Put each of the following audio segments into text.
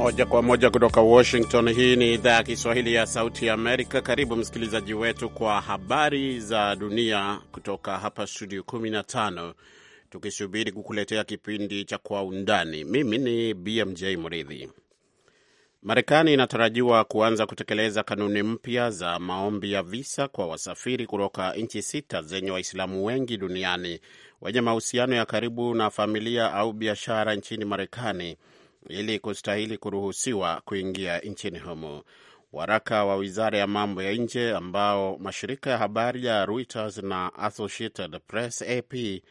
Moja kwa moja kutoka Washington. Hii ni idhaa ya Kiswahili ya Sauti ya Amerika. Karibu msikilizaji wetu kwa habari za dunia kutoka hapa studio 15, tukisubiri kukuletea kipindi cha Kwa Undani. Mimi ni BMJ Mridhi. Marekani inatarajiwa kuanza kutekeleza kanuni mpya za maombi ya visa kwa wasafiri kutoka nchi sita zenye Waislamu wengi duniani wenye mahusiano ya karibu na familia au biashara nchini Marekani ili kustahili kuruhusiwa kuingia nchini humo. Waraka wa wizara ya mambo ya nje ambao mashirika ya habari ya Reuters na Associated Press AP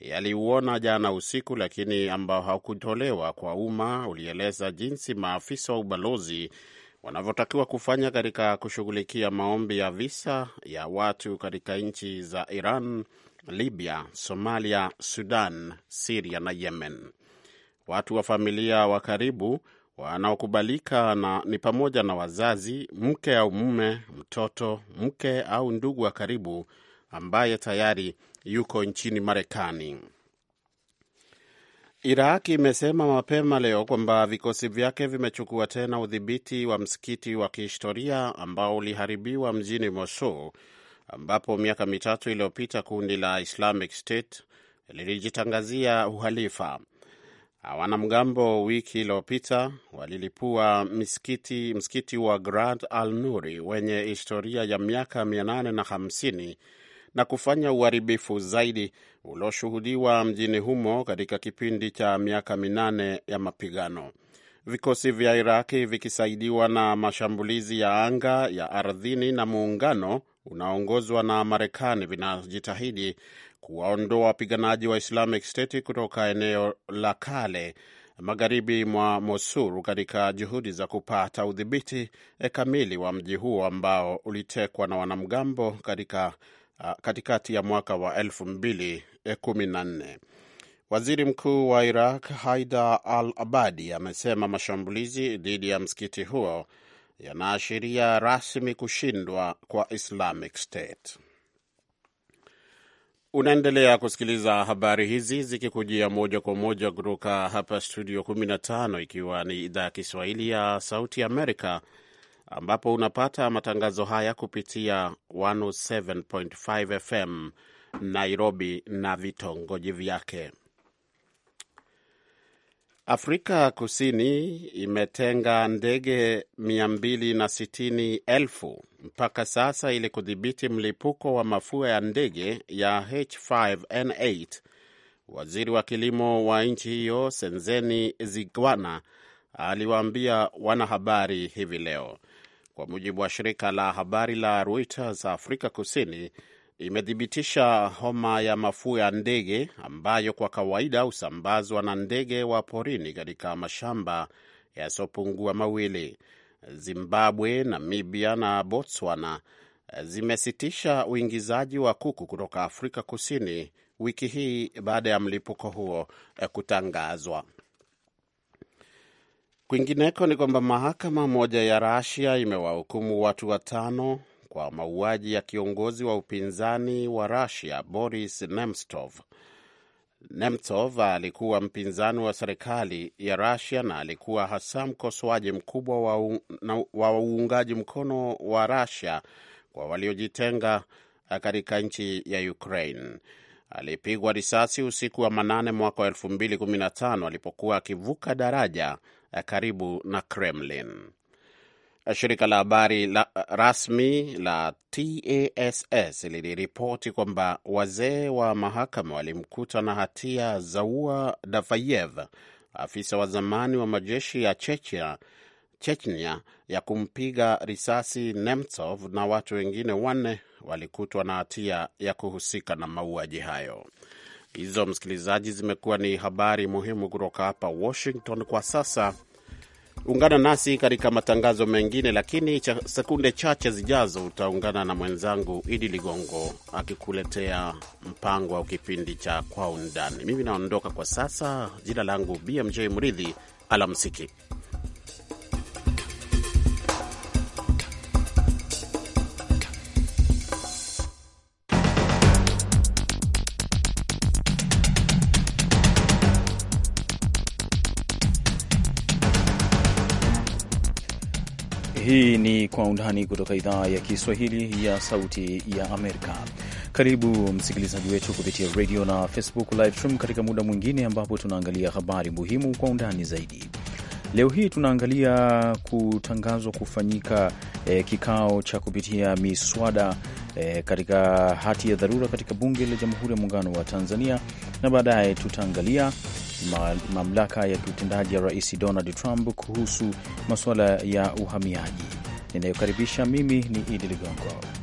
yaliuona jana usiku, lakini ambao hakutolewa kwa umma, ulieleza jinsi maafisa wa ubalozi wanavyotakiwa kufanya katika kushughulikia maombi ya visa ya watu katika nchi za Iran, Libya, Somalia, Sudan, Siria na Yemen. Watu wa familia wa karibu wanaokubalika na ni pamoja na wazazi, mke au mume, mtoto, mke au ndugu wa karibu ambaye tayari yuko nchini Marekani. iraq imesema mapema leo kwamba vikosi vyake vimechukua tena udhibiti wa msikiti wa kihistoria ambao uliharibiwa mjini Mosul, ambapo miaka mitatu iliyopita kundi la Islamic State lilijitangazia uhalifa. Ah, wanamgambo wiki iliyopita walilipua msikiti, msikiti wa Grand Al Nuri wenye historia ya miaka 850 na kufanya uharibifu zaidi ulioshuhudiwa mjini humo katika kipindi cha miaka minane ya mapigano. Vikosi vya Iraki vikisaidiwa na mashambulizi ya anga, ya ardhini na muungano unaoongozwa na Marekani vinajitahidi kuwaondoa wapiganaji wa Islamic State kutoka eneo la kale magharibi mwa Mosul katika juhudi za kupata udhibiti eh, kamili wa mji huo ambao ulitekwa na wanamgambo katika ah, katikati ya mwaka wa elfu eh, Waziri Mkuu wa Iraq Haidar al-Abadi amesema mashambulizi dhidi ya msikiti huo yanaashiria rasmi kushindwa kwa Islamic State. Unaendelea kusikiliza habari hizi zikikujia moja kwa moja kutoka hapa studio 15 ikiwa ni idhaa ya Kiswahili ya Sauti Amerika, ambapo unapata matangazo haya kupitia 107.5 FM Nairobi na vitongoji vyake. Afrika Kusini imetenga ndege 26 elfu mpaka sasa ili kudhibiti mlipuko wa mafua ya ndege ya H5N8. Waziri wa kilimo wa nchi hiyo Senzeni Zigwana aliwaambia wanahabari hivi leo. Kwa mujibu wa shirika la habari la Reuters, Afrika Kusini imethibitisha homa ya mafua ya ndege ambayo kwa kawaida husambazwa na ndege wa porini katika mashamba yasiyopungua mawili. Zimbabwe, Namibia na Botswana eh, zimesitisha uingizaji wa kuku kutoka Afrika Kusini wiki hii baada ya mlipuko huo eh, kutangazwa. Kwingineko ni kwamba mahakama moja ya Rasia imewahukumu watu watano kwa mauaji ya kiongozi wa upinzani wa Rasia Boris Nemtsov Nemtsov alikuwa mpinzani wa serikali ya Rusia na alikuwa hasa mkosoaji mkubwa wa, uungaji mkono wa Rusia kwa waliojitenga eh, katika nchi ya Ukraine. Alipigwa risasi usiku wa manane mwaka wa elfu mbili kumi na tano alipokuwa akivuka daraja eh, karibu na Kremlin. Eh, shirika la habari la eh, rasmi la TASS liliripoti kwamba wazee wa mahakama walimkuta na hatia Zaua Dafayev, afisa wa zamani wa majeshi ya Chechia, Chechnya ya kumpiga risasi Nemtsov na watu wengine wanne walikutwa na hatia ya kuhusika na mauaji hayo. Hizo msikilizaji, zimekuwa ni habari muhimu kutoka hapa Washington kwa sasa. Ungana nasi katika matangazo mengine, lakini cha sekunde chache zijazo utaungana na mwenzangu Idi Ligongo akikuletea mpango au kipindi cha Kwa Undani. Mimi naondoka kwa sasa. Jina langu BMJ Mridhi, alamsiki. Hii ni Kwa Undani kutoka idhaa ya Kiswahili ya Sauti ya Amerika. Karibu msikilizaji wetu kupitia radio na Facebook live stream katika muda mwingine ambapo tunaangalia habari muhimu kwa undani zaidi. Leo hii tunaangalia kutangazwa kufanyika eh, kikao cha kupitia miswada e, katika hati ya dharura katika bunge la Jamhuri ya Muungano wa Tanzania, na baadaye tutaangalia mamlaka ya kiutendaji ya Rais Donald Trump kuhusu masuala ya uhamiaji. Ninayokaribisha mimi ni Idi Ligongo.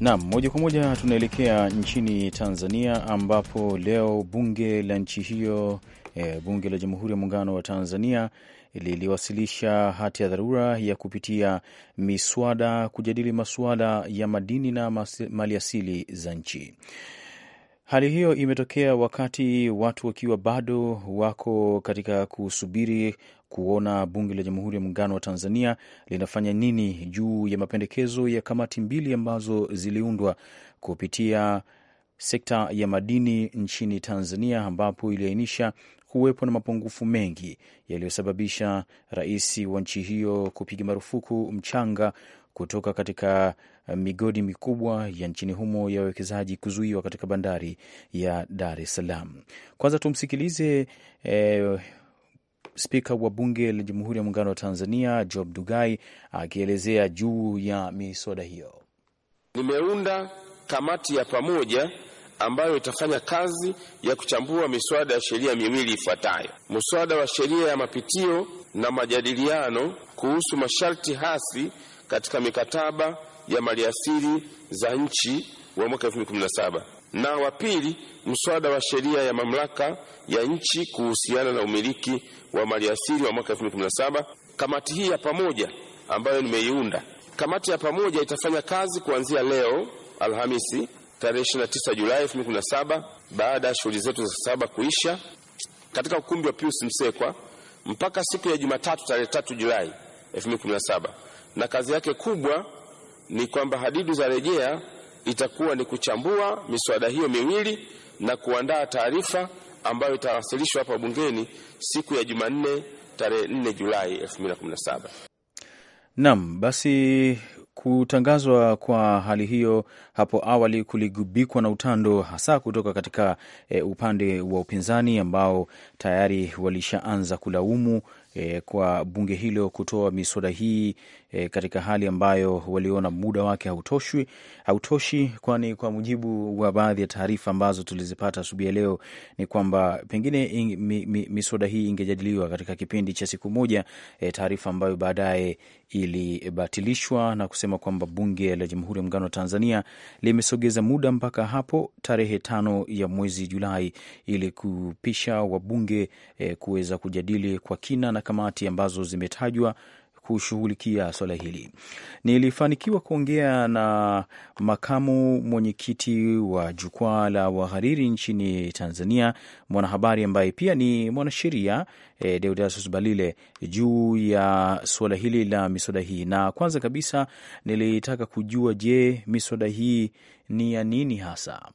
Naam, moja kwa moja tunaelekea nchini Tanzania ambapo leo bunge la nchi hiyo e, bunge la Jamhuri ya Muungano wa Tanzania liliwasilisha hati ya dharura ya kupitia miswada kujadili masuala ya madini na maliasili za nchi. Hali hiyo imetokea wakati watu wakiwa bado wako katika kusubiri kuona bunge la Jamhuri ya Muungano wa Tanzania linafanya nini juu ya mapendekezo ya kamati mbili ambazo ziliundwa kupitia sekta ya madini nchini Tanzania, ambapo iliainisha kuwepo na mapungufu mengi yaliyosababisha rais wa nchi hiyo kupiga marufuku mchanga kutoka katika migodi mikubwa ya nchini humo ya wawekezaji kuzuiwa katika bandari ya Dar es Salaam. Kwanza tumsikilize eh, spika wa bunge la Jamhuri ya Muungano wa Tanzania Job Dugai akielezea juu ya miswada hiyo. Nimeunda kamati ya pamoja ambayo itafanya kazi ya kuchambua miswada ya sheria miwili ifuatayo: mswada wa sheria ya mapitio na majadiliano kuhusu masharti hasi katika mikataba ya maliasili za nchi wa mwaka 2017 na wa pili, mswada wa sheria ya mamlaka ya nchi kuhusiana na umiliki wa maliasili wa mwaka 2017. Kamati hii ya pamoja ambayo nimeiunda, kamati ya pamoja itafanya kazi kuanzia leo Alhamisi tarehe 29 Julai 2017 baada ya shughuli zetu za saba kuisha katika ukumbi wa Pius Msekwa mpaka siku ya Jumatatu tarehe 3 Julai 2017, na kazi yake kubwa ni kwamba hadidu za rejea itakuwa ni kuchambua miswada hiyo miwili na kuandaa taarifa ambayo itawasilishwa hapa bungeni siku ya Jumanne tarehe 4 Julai 2017. Naam, basi kutangazwa kwa hali hiyo hapo awali kuligubikwa na utando hasa kutoka katika e, upande wa upinzani ambao tayari walishaanza kulaumu e, kwa bunge hilo kutoa miswada hii e, katika hali ambayo waliona muda wake hautoshi, hautoshi, kwani kwa mujibu wa baadhi ya taarifa ambazo tulizipata asubuhi ya leo ni kwamba pengine ing, mi, mi, miswada hii ingejadiliwa katika kipindi cha siku moja e, taarifa ambayo baadaye ilibatilishwa na kusema kwamba bunge la Jamhuri ya Muungano wa Tanzania limesogeza muda mpaka hapo tarehe tano ya mwezi Julai ili kupisha wabunge e, kuweza kujadili kwa kina na kamati ambazo zimetajwa kushughulikia swala hili. Nilifanikiwa kuongea na makamu mwenyekiti wa jukwaa la wahariri nchini Tanzania, mwanahabari ambaye pia ni mwanasheria e, Deodatus Balile juu ya suala hili la miswada hii, na kwanza kabisa nilitaka kujua, je, miswada hii ni ya nini hasa?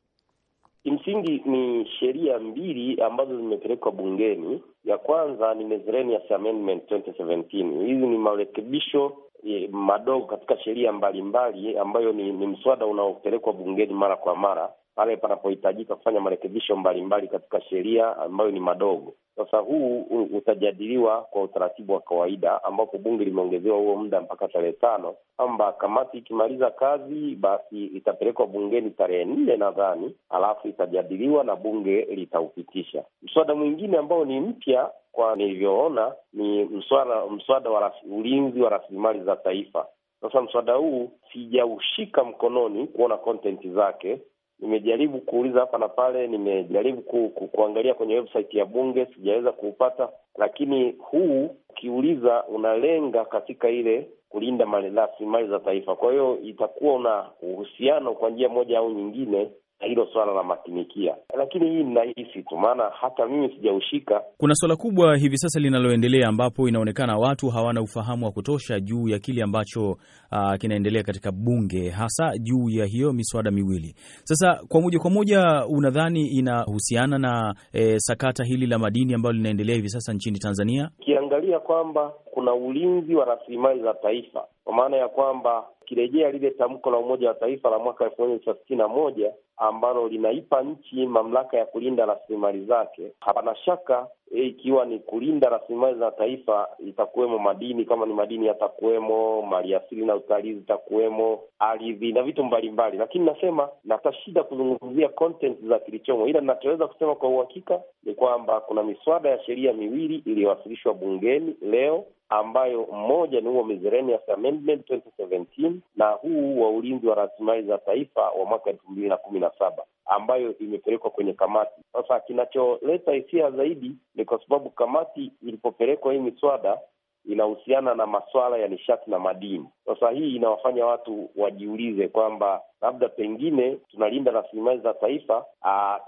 Kimsingi ni sheria mbili ambazo zimepelekwa bungeni ya kwanza ni Miscellaneous Amendment 2017. Hizi ni marekebisho eh, madogo katika sheria mbalimbali ambayo ni, ni mswada unaopelekwa bungeni mara kwa mara pale panapohitajika kufanya marekebisho mbalimbali katika sheria ambayo ni madogo. Sasa huu utajadiliwa kwa utaratibu wa kawaida, ambapo bunge limeongezewa huo muda mpaka tarehe tano, kwamba kamati ikimaliza kazi basi itapelekwa bungeni tarehe nne nadhani, alafu itajadiliwa na bunge litaupitisha. Mswada mwingine ambao ni mpya kwa nilivyoona ni mswada mswada wa ulinzi wa rasilimali za taifa. Sasa mswada huu sijaushika mkononi kuona kontenti zake, nimejaribu kuuliza hapa na pale, nimejaribu ku, ku, kuangalia kwenye website ya Bunge, sijaweza kuupata. Lakini huu ukiuliza, unalenga katika ile kulinda rasilimali za taifa. Kwa hiyo itakuwa una uhusiano kwa njia moja au nyingine hilo swala la makinikia, lakini hii ninahisi tu, maana hata mimi sijaushika. Kuna swala kubwa hivi sasa linaloendelea, ambapo inaonekana watu hawana ufahamu wa kutosha juu ya kile ambacho uh, kinaendelea katika bunge, hasa juu ya hiyo miswada miwili. Sasa kwa moja kwa moja, unadhani inahusiana na e, sakata hili la madini ambalo linaendelea hivi sasa nchini Tanzania, ukiangalia kwamba kuna ulinzi wa rasilimali za taifa, kwa maana ya kwamba ikirejea lile tamko la Umoja wa taifa la mwaka elfu moja tisa sitini na moja ambalo linaipa nchi mamlaka ya kulinda rasilimali zake, hapana shaka E, ikiwa ni kulinda rasilimali za taifa, itakuwemo madini, kama ni madini yatakuwemo, maliasili na utalii zitakuwemo, ardhi na vitu mbalimbali. Lakini nasema natashida kuzungumzia content za kilichomo, ila inachoweza kusema kwa uhakika ni kwamba kuna miswada ya sheria miwili iliyowasilishwa bungeni leo ambayo mmoja ni huo Miscellaneous Amendment 2017 na huu wa ulinzi wa rasilimali za taifa wa mwaka elfu mbili na kumi na saba ambayo imepelekwa kwenye kamati. Sasa kinacholeta hisia zaidi ni e, kwa sababu kamati ilipopelekwa hii miswada inahusiana na maswala ya nishati na madini. Sasa hii inawafanya watu wajiulize kwamba labda pengine tunalinda rasilimali za taifa,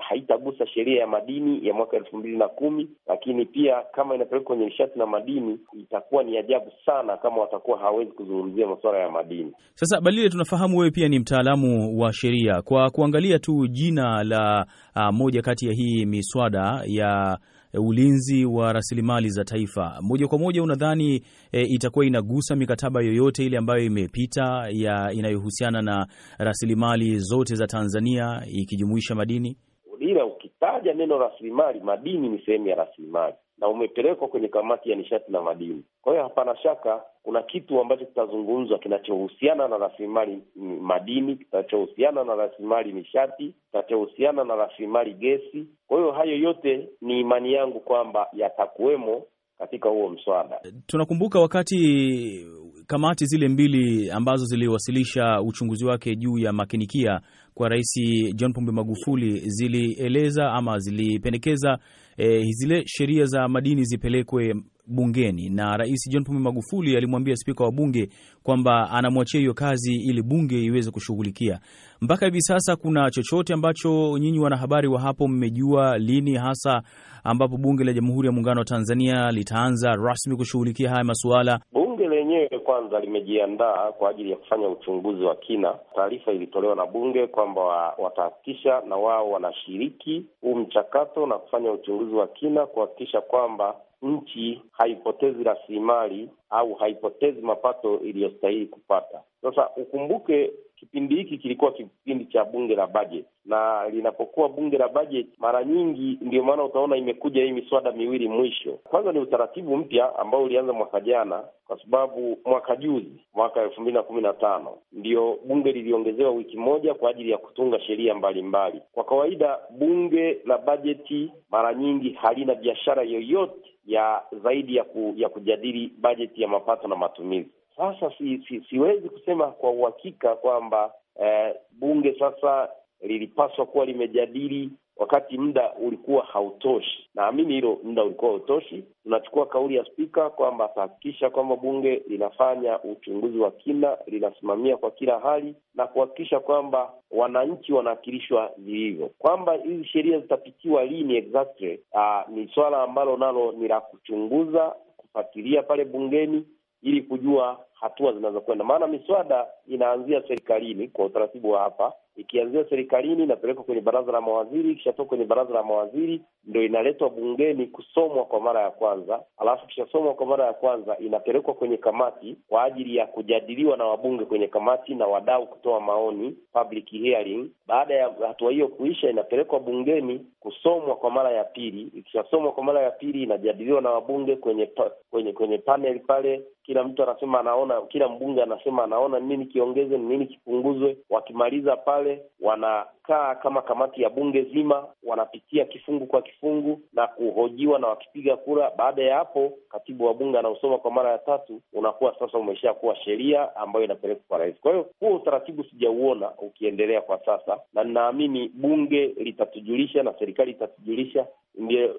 haitagusa sheria ya madini ya mwaka elfu mbili na kumi, lakini pia kama inapelekwa kwenye nishati na madini itakuwa ni ajabu sana kama watakuwa hawawezi kuzungumzia masuala ya madini. Sasa Balile, tunafahamu wewe pia ni mtaalamu wa sheria. Kwa kuangalia tu jina la a, moja kati ya hii miswada ya Eh, ulinzi wa rasilimali za taifa, moja kwa moja unadhani e, itakuwa inagusa mikataba yoyote ile ambayo imepita ya inayohusiana na rasilimali zote za Tanzania ikijumuisha madini? Ila ukitaja neno rasilimali, madini ni sehemu ya rasilimali na umepelekwa kwenye kamati ya nishati na madini. Kwa hiyo hapana shaka kuna kitu ambacho kitazungumzwa kinachohusiana na rasilimali madini, kinachohusiana na rasilimali nishati, kinachohusiana na rasilimali gesi. Kwa hiyo hayo yote ni imani yangu kwamba yatakuwemo katika huo mswada. Tunakumbuka wakati kamati zile mbili ambazo ziliwasilisha uchunguzi wake juu ya makinikia kwa Rais John Pombe Magufuli zilieleza ama zilipendekeza eh, zile sheria za madini zipelekwe bungeni na Rais John Pombe Magufuli alimwambia spika wa bunge kwamba anamwachia hiyo kazi ili bunge iweze kushughulikia. Mpaka hivi sasa kuna chochote ambacho nyinyi wanahabari wa hapo mmejua lini hasa ambapo bunge la Jamhuri ya Muungano wa Tanzania litaanza rasmi kushughulikia haya masuala? lenyewe kwanza limejiandaa kwa ajili ya kufanya uchunguzi wa kina. Taarifa ilitolewa na bunge kwamba watahakikisha na wao wanashiriki huu mchakato na kufanya uchunguzi wa kina kuhakikisha kwamba nchi haipotezi rasilimali au haipotezi mapato iliyostahili kupata. Sasa ukumbuke kipindi hiki kilikuwa kipindi cha bunge la bajeti, na linapokuwa bunge la bajeti, mara nyingi ndio maana utaona imekuja hii miswada miwili mwisho. Kwanza ni utaratibu mpya ambao ulianza mwaka jana, kwa sababu mwaka juzi, mwaka elfu mbili na kumi na tano ndio bunge liliongezewa wiki moja kwa ajili ya kutunga sheria mbalimbali. Kwa kawaida bunge la bajeti mara nyingi halina biashara yoyote ya zaidi ya, ku, ya kujadili bajeti ya mapato na matumizi. Sasa si, si, siwezi kusema kwa uhakika kwamba eh, bunge sasa lilipaswa kuwa limejadili wakati muda ulikuwa hautoshi. Naamini hilo muda ulikuwa hautoshi. Tunachukua kauli ya Spika kwamba atahakikisha kwamba bunge linafanya uchunguzi wa kina, linasimamia kwa kila hali na kuhakikisha kwamba wananchi wanawakilishwa vilivyo. Kwamba hizi sheria zitapitiwa lini exactly, ah, ni swala ambalo nalo ni la kuchunguza, kufuatilia pale bungeni ili kujua hatua zinazokwenda, maana miswada inaanzia serikalini kwa utaratibu wa hapa, ikianzia serikalini inapelekwa kwenye baraza la mawaziri, ikishatoka kwenye baraza la mawaziri ndo inaletwa bungeni kusomwa kwa mara ya kwanza, alafu ikishasomwa kwa mara ya kwanza inapelekwa kwenye kamati kwa ajili ya kujadiliwa na wabunge kwenye kamati na wadau kutoa maoni, public hearing. Baada ya hatua hiyo kuisha, inapelekwa bungeni kusomwa kwa mara ya pili. Ikishasomwa kwa mara ya pili, inajadiliwa na wabunge kwenye pa, kwenye kwenye panel pale kila mtu anasema anaona, kila mbunge anasema anaona nini kiongeze ni nini kipunguzwe. Wakimaliza pale, wanakaa kama kamati ya bunge zima, wanapitia kifungu kwa kifungu na kuhojiwa, na wakipiga kura. Baada ya hapo, katibu wa bunge anausoma kwa mara ya tatu, unakuwa sasa umeshakuwa sheria ambayo inapelekwa kwa rais. Kwa hiyo huo utaratibu sijauona ukiendelea kwa sasa, na ninaamini bunge litatujulisha na serikali itatujulisha,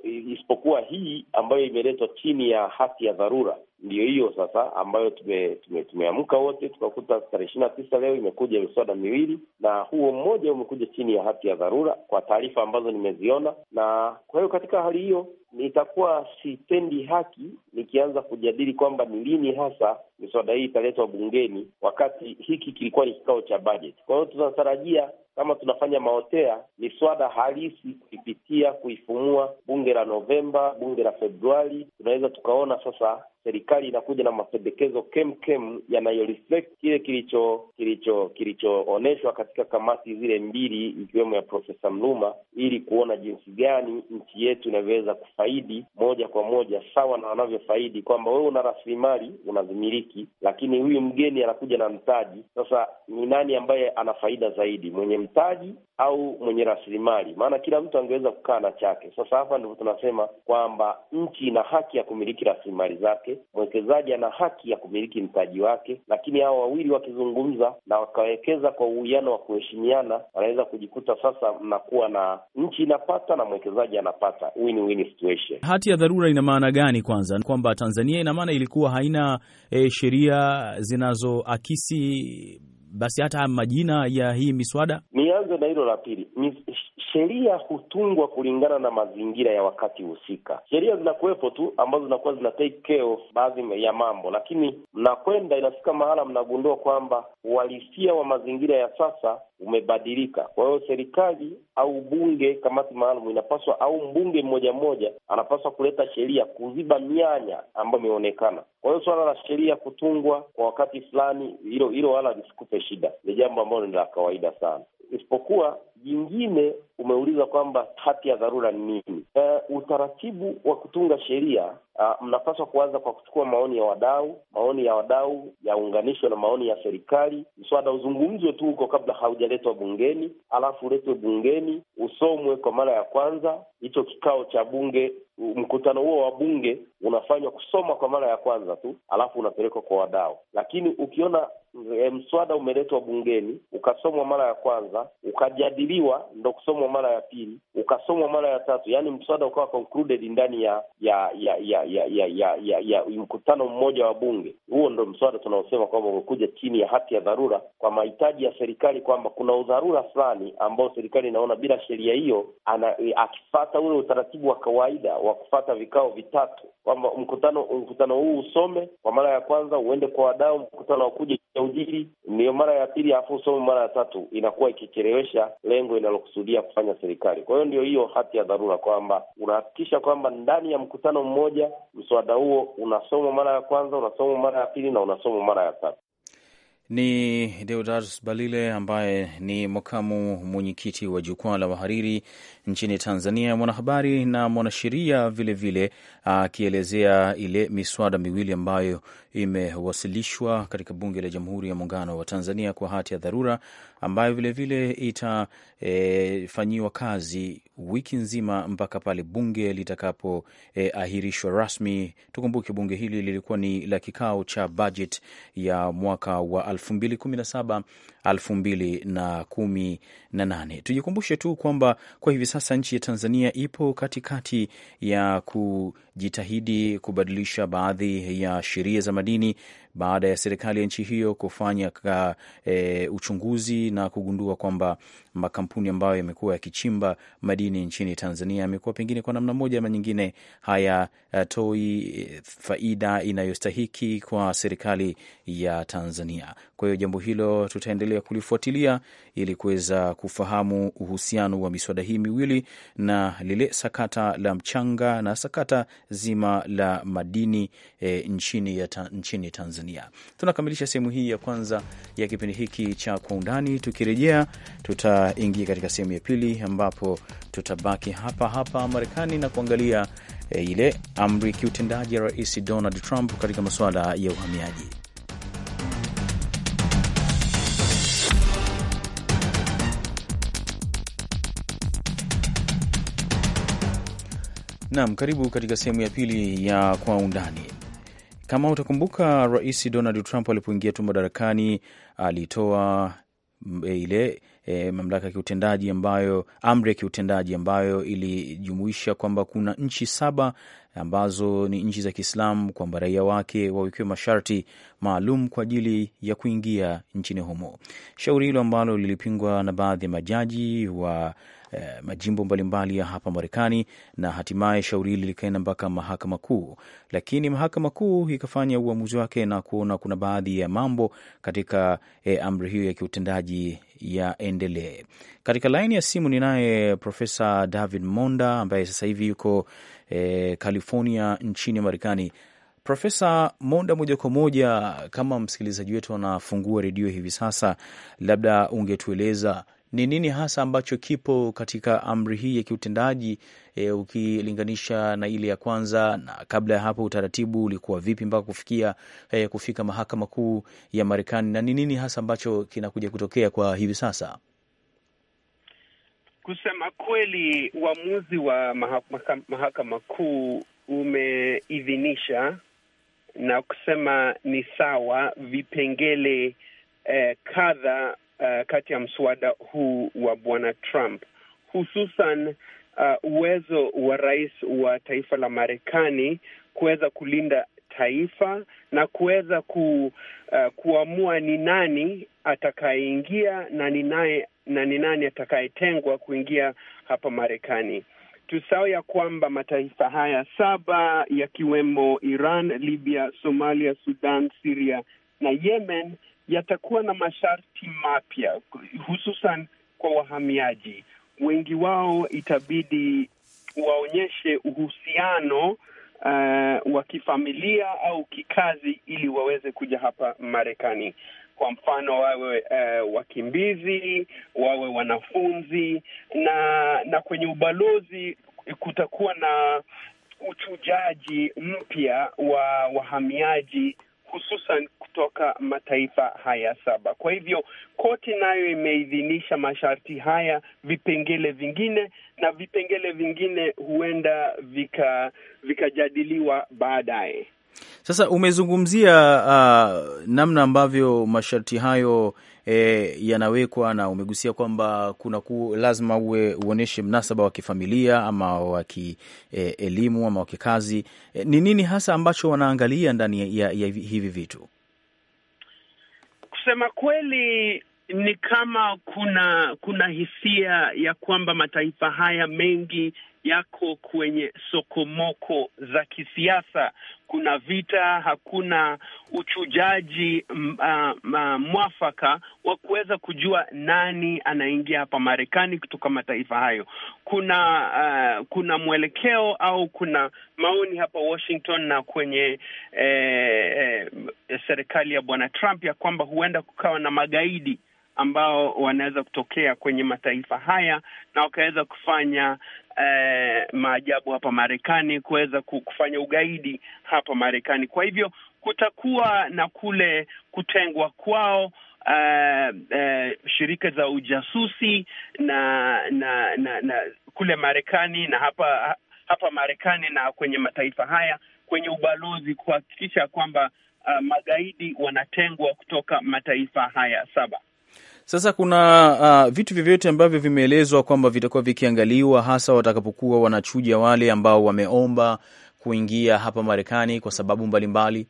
isipokuwa hii ambayo imeletwa chini ya hati ya dharura ndio hiyo sasa ambayo tume, tume, tumeamka wote tukakuta tarehe ishirini na tisa leo imekuja miswada miwili, na huo mmoja umekuja chini ya hati ya dharura, kwa taarifa ambazo nimeziona. Na kwa hiyo katika hali hiyo nitakuwa sitendi haki nikianza kujadili kwamba ni lini hasa miswada hii italetwa bungeni, wakati hiki kilikuwa ni kikao cha bajeti. Kwa hiyo tunatarajia kama tunafanya maotea miswada halisi kuipitia kuifumua bunge la Novemba, bunge la Februari, tunaweza tukaona sasa serikali inakuja na mapendekezo kemkem yanayoreflect kile kilicho kilicho kilichoonyeshwa katika kamati zile mbili ikiwemo ya Profesa Mluma, ili kuona jinsi gani nchi yetu inavyoweza kufanya faidi moja kwa moja sawa na wanavyofaidi, kwamba wewe una rasilimali unazimiliki, lakini huyu mgeni anakuja na mtaji. Sasa ni nani ambaye ana faida zaidi, mwenye mtaji au mwenye rasilimali, maana kila mtu angeweza kukaa na chake. Sasa hapa ndipo tunasema kwamba nchi ina haki ya kumiliki rasilimali zake, mwekezaji ana haki ya kumiliki mtaji wake, lakini hawa wawili wakizungumza na wakawekeza kwa uwiano wa kuheshimiana, wanaweza kujikuta sasa mnakuwa na nchi inapata na mwekezaji anapata, win-win situation. Hati ya dharura ina maana gani? Kwanza kwamba Tanzania ina maana ilikuwa haina e, sheria zinazoakisi basi hata majina ya hii miswada? Nianze na hilo la pili. Sheria hutungwa kulingana na mazingira ya wakati husika. Sheria zinakuwepo tu ambazo zinakuwa zina take care of baadhi ya mambo, lakini mnakwenda, inafika mahala mnagundua kwamba uhalisia wa mazingira ya sasa umebadilika. Kwa hiyo serikali au bunge, kamati maalum inapaswa au mbunge mmoja mmoja anapaswa kuleta sheria kuziba mianya ambayo imeonekana. Kwa hiyo suala la sheria kutungwa kwa wakati fulani, hilo hilo wala lisikupe shida, ni jambo ambalo ni la kawaida sana, isipokuwa Jingine umeuliza kwamba hati ya dharura ni nini? E, utaratibu wa kutunga sheria mnapaswa kuanza kwa kuchukua maoni ya wadau. Maoni ya wadau yaunganishwe na maoni ya serikali. Mswada uzungumzwe tu huko kabla haujaletwa bungeni, alafu uletwe bungeni, usomwe kwa mara ya kwanza. Hicho kikao cha bunge, mkutano huo wa bunge unafanywa kusoma kwa mara ya kwanza tu, alafu unapelekwa kwa wadau. Lakini ukiona e, mswada umeletwa bungeni ukasomwa mara ya kwanza ukajadiliwa, ndo kusomwa mara ya pili ukasomwa mara ya tatu, yaani mswada ukawa concluded ndani ya ya ya ya ya ya ya, ya, ya mkutano mmoja wa bunge. Huo ndo mswada tunaosema kwamba umekuja chini ya hati ya dharura kwa mahitaji ya serikali, kwamba kuna udharura fulani ambao serikali inaona bila sheria hiyo eh, akifata ule utaratibu wa kawaida wa kufata vikao vitatu, kwamba mkutano mkutano huu usome kwa mara ya kwanza, uende kwa wadau, mkutano wa kuja ujiri ni mara ya pili afu usome mara ya tatu, inakuwa ikichelewesha lengo inalokusudia kufanya serikali. Kwa hiyo ndio hiyo hati ya dharura, kwamba unahakikisha kwamba ndani ya mkutano mmoja mswada huo unasomwa mara ya kwanza, unasomwa mara ya pili na unasomwa mara ya tatu. Ni Deodatus Balile ambaye ni makamu mwenyekiti wa jukwaa la wahariri nchini Tanzania, mwanahabari na mwanasheria vilevile, akielezea ile miswada miwili ambayo imewasilishwa katika bunge la Jamhuri ya Muungano wa Tanzania kwa hati ya dharura ambayo vilevile itafanyiwa e, kazi wiki nzima mpaka pale bunge litakapoahirishwa e, rasmi. Tukumbuke bunge hili lilikuwa ni la kikao cha bajeti ya mwaka wa 2017 2018. Tujikumbushe tu kwamba kwa hivi sasa nchi ya Tanzania ipo katikati ya ku jitahidi kubadilisha baadhi ya sheria za madini baada ya serikali ya nchi hiyo kufanya ka, e, uchunguzi na kugundua kwamba makampuni ambayo yamekuwa yakichimba madini nchini Tanzania yamekuwa pengine kwa namna moja ama nyingine hayatoi eh, eh, faida inayostahiki kwa serikali ya Tanzania. Kwa hiyo jambo hilo tutaendelea kulifuatilia ili kuweza kufahamu uhusiano wa miswada hii miwili na lile sakata la mchanga na sakata zima la madini e, nchini, ya ta, nchini Tanzania. Tunakamilisha sehemu hii ya kwanza ya kipindi hiki cha Kwa Undani. Tukirejea tuta tutaingia katika sehemu ya pili, ambapo tutabaki hapa hapa Marekani na kuangalia e, ile amri kiutendaji ya Rais Donald Trump katika masuala ya uhamiaji. Naam, karibu katika sehemu ya pili ya Kwa Undani. Kama utakumbuka, Rais Donald Trump alipoingia tu madarakani alitoa eh, ile e, mamlaka ya kiutendaji ambayo, amri ya kiutendaji ambayo ilijumuisha kwamba kuna nchi saba ambazo ni nchi za Kiislamu kwamba raia wake wawekiwe masharti maalum kwa ajili ya kuingia nchini humo. Shauri hilo ambalo lilipingwa na baadhi ya majaji wa Eh, majimbo mbalimbali ya hapa Marekani, na hatimaye shauri hili likaenda mpaka mahakama kuu, lakini mahakama kuu ikafanya uamuzi wake na kuona kuna baadhi ya mambo katika eh, amri hiyo ya kiutendaji yaendelee. Katika laini ya simu ninaye Profesa David Monda ambaye sasa hivi yuko eh, California nchini Marekani. Profesa Monda, moja kwa moja, kama msikilizaji wetu anafungua redio hivi sasa, labda ungetueleza ni nini hasa ambacho kipo katika amri hii ya kiutendaji e, ukilinganisha na ile ya kwanza? Na kabla ya hapo utaratibu ulikuwa vipi mpaka kufikia e, kufika mahakama kuu ya Marekani, na ni nini hasa ambacho kinakuja kutokea kwa hivi sasa? Kusema kweli, uamuzi wa mahakama kuu umeidhinisha na kusema ni sawa vipengele eh, kadha Uh, kati ya mswada huu wa bwana Trump, hususan uh, uwezo wa rais wa taifa la Marekani kuweza kulinda taifa na kuweza ku, uh, kuamua ni nani atakayeingia na ni naye na ni nani atakayetengwa kuingia hapa Marekani. Tusahau ya kwamba mataifa haya saba yakiwemo Iran, Libya, Somalia, Sudan, siria na Yemen yatakuwa na masharti mapya, hususan kwa wahamiaji. Wengi wao itabidi waonyeshe uhusiano Uh, wa kifamilia au kikazi ili waweze kuja hapa Marekani. Kwa mfano, wawe uh, wakimbizi, wawe wanafunzi, na na kwenye ubalozi kutakuwa na uchujaji mpya wa wahamiaji hususan kutoka mataifa haya saba. Kwa hivyo koti nayo imeidhinisha masharti haya, vipengele vingine na vipengele vingine huenda vikajadiliwa vika baadaye. Sasa umezungumzia uh, namna ambavyo masharti hayo e, yanawekwa na umegusia kwamba kuna ku, lazima uwe uonyeshe mnasaba wa kifamilia ama wa kielimu e, ama wa kikazi. E, ni e, nini hasa ambacho wanaangalia ndani ya, ya hivi vitu? Kusema kweli ni kama kuna kuna hisia ya kwamba mataifa haya mengi yako kwenye sokomoko za kisiasa. Kuna vita, hakuna uchujaji mm, ah, mwafaka wa kuweza kujua nani anaingia hapa Marekani kutoka mataifa hayo. Kuna uh, kuna mwelekeo au kuna maoni hapa Washington na kwenye eh, eh, serikali ya Bwana Trump ya kwamba huenda kukawa na magaidi ambao wanaweza kutokea kwenye mataifa haya na wakaweza kufanya eh, maajabu hapa Marekani, kuweza kufanya ugaidi hapa Marekani. Kwa hivyo kutakuwa na kule kutengwa kwao. Uh, uh, shirika za ujasusi na na, na, na kule Marekani na hapa hapa Marekani na kwenye mataifa haya kwenye ubalozi kuhakikisha kwamba uh, magaidi wanatengwa kutoka mataifa haya saba. Sasa kuna uh, vitu vyovyote ambavyo vimeelezwa kwamba vitakuwa vikiangaliwa hasa watakapokuwa wanachuja wale ambao wameomba kuingia hapa Marekani kwa sababu mbalimbali mbali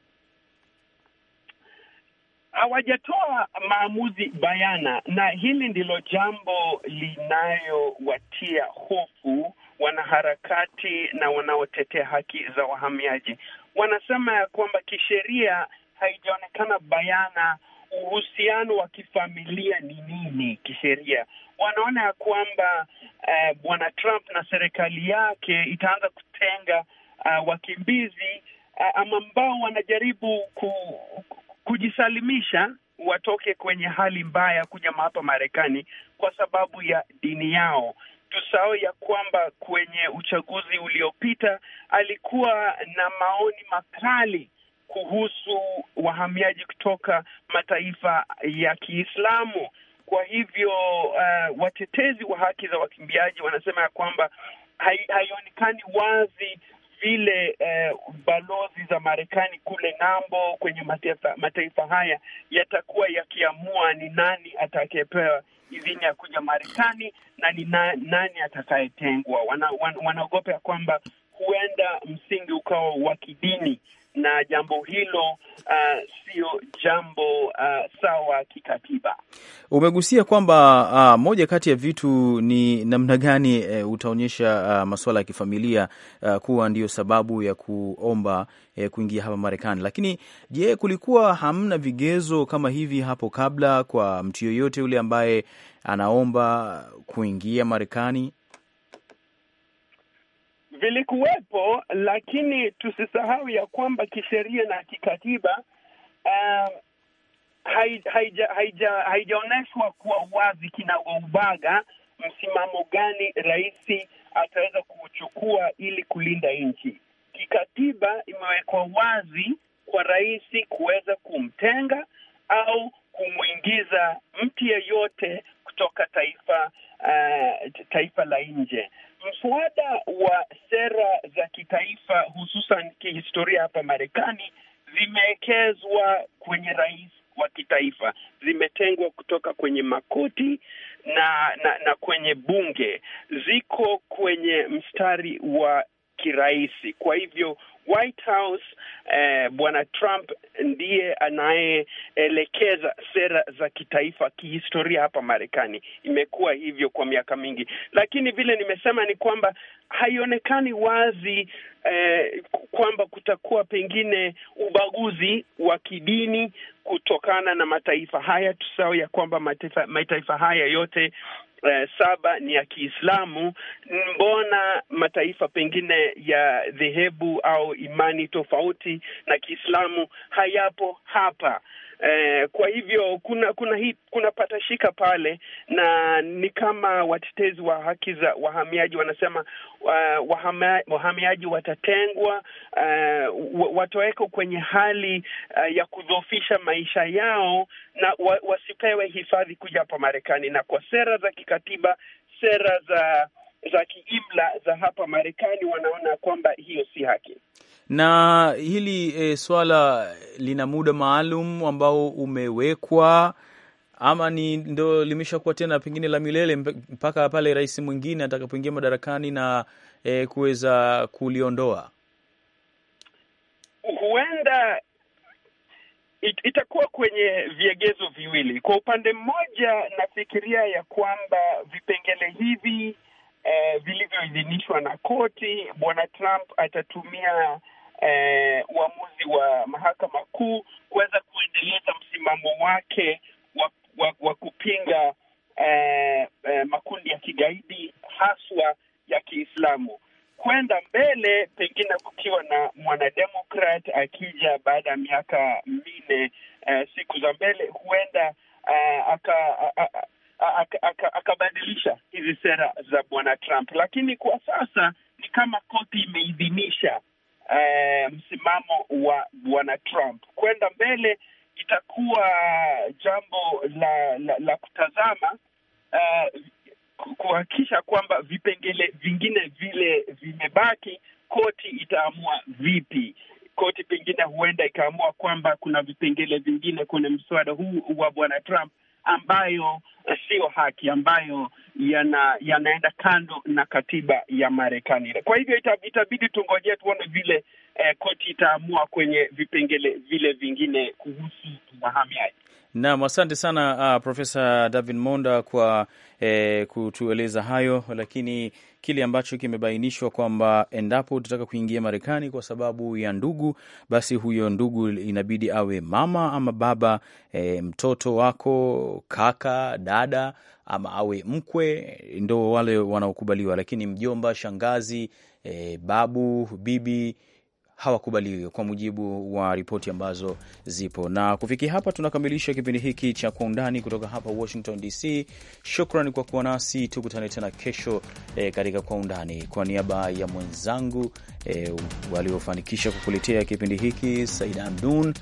hawajatoa maamuzi bayana, na hili ndilo jambo linayowatia hofu wanaharakati na wanaotetea haki za wahamiaji. Wanasema ya kwamba kisheria haijaonekana bayana uhusiano wa kifamilia ni nini kisheria. Wanaona ya kwamba uh, bwana Trump na serikali yake itaanza kutenga uh, wakimbizi uh, ambao wanajaribu ku, kujisalimisha watoke kwenye hali mbaya kuja hapa Marekani kwa sababu ya dini yao. Tusahau ya kwamba kwenye uchaguzi uliopita alikuwa na maoni makali kuhusu wahamiaji kutoka mataifa ya Kiislamu. Kwa hivyo uh, watetezi wa haki za wakimbiaji wanasema ya kwamba haionekani wazi vile eh, balozi za Marekani kule ng'ambo kwenye mataifa, mataifa haya yatakuwa yakiamua ni nani atakayepewa idhini ya kuja Marekani na ni na, nani atakayetengwa. Wanaogopa wana, wana ya kwamba huenda msingi ukawa wa kidini na jambo hilo uh, sio jambo uh, sawa kikatiba. Umegusia kwamba uh, moja kati ya vitu ni namna gani uh, utaonyesha uh, masuala ya kifamilia uh, kuwa ndiyo sababu ya kuomba uh, kuingia hapa Marekani. Lakini je, kulikuwa hamna vigezo kama hivi hapo kabla kwa mtu yoyote yule ambaye anaomba kuingia Marekani? vilikuwepo, lakini tusisahau ya kwamba kisheria na kikatiba uh, eh, haijaonyeshwa haija, haija kuwa wazi kinaubaga msimamo gani rais ataweza kuchukua ili kulinda nchi. Kikatiba imewekwa wazi kwa rais kuweza kumtenga au kumwingiza mtu yeyote kutoka taifa uh, taifa la nje mswada wa sera za kitaifa hususan kihistoria hapa Marekani zimeekezwa kwenye rais wa kitaifa, zimetengwa kutoka kwenye makoti na, na, na kwenye bunge, ziko kwenye mstari wa kirahisi. Kwa hivyo White House eh, bwana Trump ndiye anayeelekeza sera za kitaifa kihistoria hapa Marekani. Imekuwa hivyo kwa miaka mingi, lakini vile nimesema ni kwamba haionekani wazi eh, kwamba kutakuwa pengine ubaguzi wa kidini kutokana na mataifa haya. Tusahau ya kwamba mataifa, mataifa haya yote eh, saba ni ya Kiislamu, mbona mataifa pengine ya dhehebu au imani tofauti na Kiislamu hayapo hapa? Eh, kwa hivyo kuna kuna hi, kuna patashika pale, na ni kama watetezi wa haki za wahamiaji wanasema uh, wahama, wahamiaji watatengwa uh, eh, watawekwa kwenye hali uh, ya kudhofisha maisha yao na wa, wasipewe hifadhi kuja hapa Marekani, na kwa sera za kikatiba, sera za za kiimla za hapa Marekani, wanaona kwamba hiyo si haki na hili e, swala lina muda maalum ambao umewekwa ama ni ndo limeshakuwa tena pengine la milele mpaka pale rais mwingine atakapoingia madarakani na e, kuweza kuliondoa? Huenda it, itakuwa kwenye viegezo viwili. Kwa upande mmoja, nafikiria ya kwamba vipengele hivi eh, vilivyoidhinishwa na koti, bwana Trump atatumia eh, uamuzi wa mahakama kuu kuweza kuendeleza msimamo wake wa, wa, wa kupinga eh, eh, makundi ya kigaidi haswa ya Kiislamu kwenda mbele, pengine kukiwa na mwanademokrat akija baada ya miaka minne eh, siku za mbele huenda eh, aka akabadilisha aka, aka hizi sera za bwana Trump, lakini kwa sasa ni kama koti imeidhinisha eh, msimamo wa bwana Trump kwenda mbele itakuwa jambo la la, la kutazama eh, kuhakikisha kwamba vipengele vingine vile vimebaki, koti itaamua vipi. Koti pengine huenda ikaamua kwamba kuna vipengele vingine kwenye mswada huu wa bwana Trump ambayo eh, siyo haki, ambayo yana, yanaenda kando na katiba ya Marekani. Kwa hivyo itabidi tungojee tuone vile eh, koti itaamua kwenye vipengele vile vingine kuhusu wahamiaji. Naam, asante sana uh, Profesa David Monda kwa eh, kutueleza hayo, lakini kile ambacho kimebainishwa kwamba endapo utataka kuingia Marekani kwa sababu ya ndugu, basi huyo ndugu inabidi awe mama ama baba, e, mtoto wako, kaka, dada ama awe mkwe, ndo wale wanaokubaliwa, lakini mjomba, shangazi, e, babu, bibi hawakubaliwi kwa mujibu wa ripoti ambazo zipo. Na kufikia hapa tunakamilisha kipindi hiki cha Kwa Undani kutoka hapa Washington DC. Shukran kwa kuwa nasi, tukutane tena kesho eh, katika Kwa Undani. Kwa niaba ya mwenzangu eh, waliofanikisha kukuletea kipindi hiki, Saida Amdun,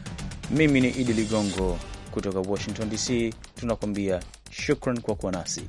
mimi ni Idi Ligongo kutoka Washington DC, tunakuambia shukran kwa kuwa nasi.